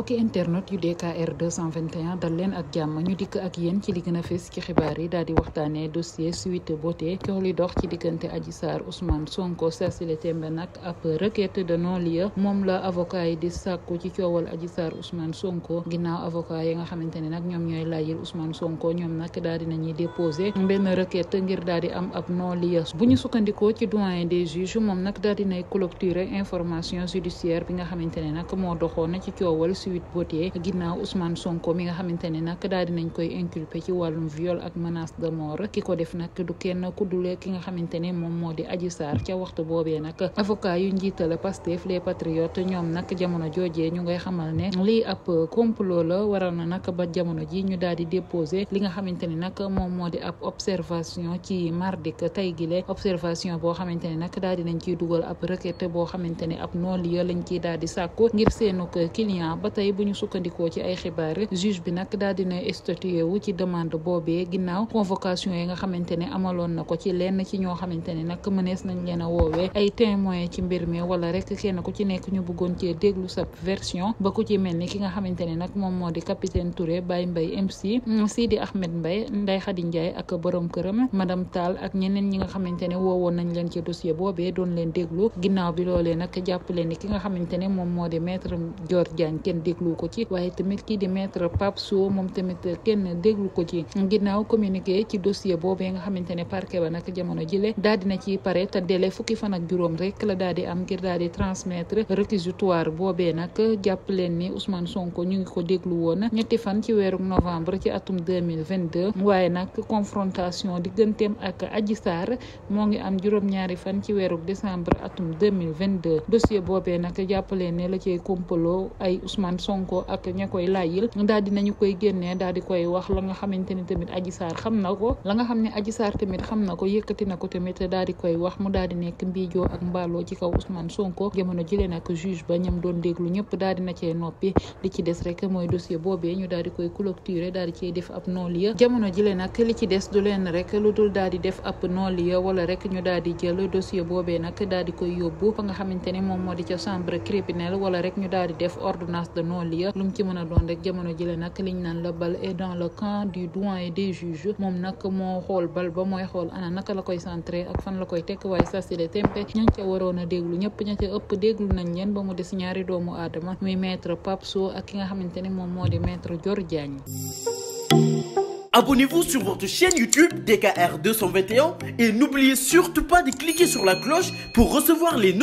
mbokki internet yu DKR 221 dal leen ak jàmm ñu dikk ak yéen ci li gën a fës ci xibaar yi daal di waxtaanee dossier Sweet Beauté coow li dox ci diggante Adji Sarr Sonko Cecile Tembe nag ab requête de non-lieu moom la avocat yi di sàkku ci coowal Adji Sarr Ousmane Sonko ginnaaw avocat yi nga xamante ne nag ñoom ñooy laajil Ousmane Sonko ñoom nag daal di nañuy déposé benn requête ngir daal di am ab non-lieu bu ñu sukkandikoo ci doyen des juges moom nag daal di nay clôturer information bi nga xamante Sweet Beauté ginnaaw Ousmane Sonko mi nga xamante ne nag daal koy inculpé ci wàllum viol ak menace de mort ki ko def nag du kenn ku dul ki nga xamante ne moom moo di Adji Sarr ca waxtu boobee nag avocat yu njiital Pastef les patriotes ñoom nag ñu ngay xamal ne lii ab complot la waral na nag ba jamono ji ñu daal di déposé li nga xamante ne nag moom moo di ab observation ci mardi tey gile observation boo xamante ne nag daal dinañ ciy dugal ab requête boo xamante ne ab non lieu lañ ciy daal di sàkku ngir seenu client ba ba tey bu ñu sukkandikoo ci ay xibaar juge bi nag daal dina statué wu ci demande boobee ginnaaw convocation yi nga xamante ne amaloon na ko ci lenn ci ñoo xamante ne nag mënees nañ leen a woowee ay témoin ci mbir mi wala rek kenn ku ci nekk ñu bëggoon cee déglu sa version ba ku ci mel ni ki nga xamante ne nag moom moo di capitaine Touré Baye Mbaye MC Sidi Ahmed Mbaye Ndeye Khady Ndiaye ak borom këram madame Tall ak ñeneen ñi nga xamante ne woowoon nañ leen ci dossier boobee doon leen déglu ginnaaw bi loolee ne moom moo di maître Dior Diagne kenn déglu ko ci waaye tamit kii di maître Pape Sow moom tamit kenn déglu ko ci ginnaaw communiqué ci dossier boobee nga xamante ne parquet ba nag jamono jile daal dina ci pare te délai fukki fan ak juróom rek la daal di am ngir daal di transmettre réquisitoire boobee jàpp leen ni Ousmane Sonko ñu ngi ko déglu ñetti fan ci weeru novembre ci atum 2022 waaye nag confrontation dossier boobee nag jàpp leen ne la cay kompaloo ay Ousmane Ousmane Sonko ak ña koy layyil daal di nañu koy génnee daal di koy wax la nga xamante tamit Adji xam na ko la nga xam ne Adji Sarr tamit xam na ko yëkkati na ko tamit daal di koy wax mu daal di nekk mbiijoo ak mbaaloo ci kaw Ousmane Sonko jamono jëlee nag juge ba ñam doon déglu ñëpp daal di na cee noppi li ci des rek mooy dossier boobee ñu daal di koy clôturer daal di cee def ab non-lieu jamono jëlee nag li ci des dossier boobee nag daal di koy yóbbu fa nga xamante non-lieu lu mu ci mën a doon rek jamono jile nag liñ naan la bal est dans le camp du doigt et des juges moom nag moo xool bal ba mooy xool ana naka la koy centré ak fan la koy tekk waaye sa si tempe ña ca waroon a déglu ñëpp ña ca ëpp déglu nañ leen ba mu des ñaari doomu aadama muy maître Pape ak ki nga xamante ne moom moo di maître Dior Diagne Abonnez-vous sur votre chaîne YouTube DKR et n'oubliez surtout pas de cliquer sur la cloche pour recevoir les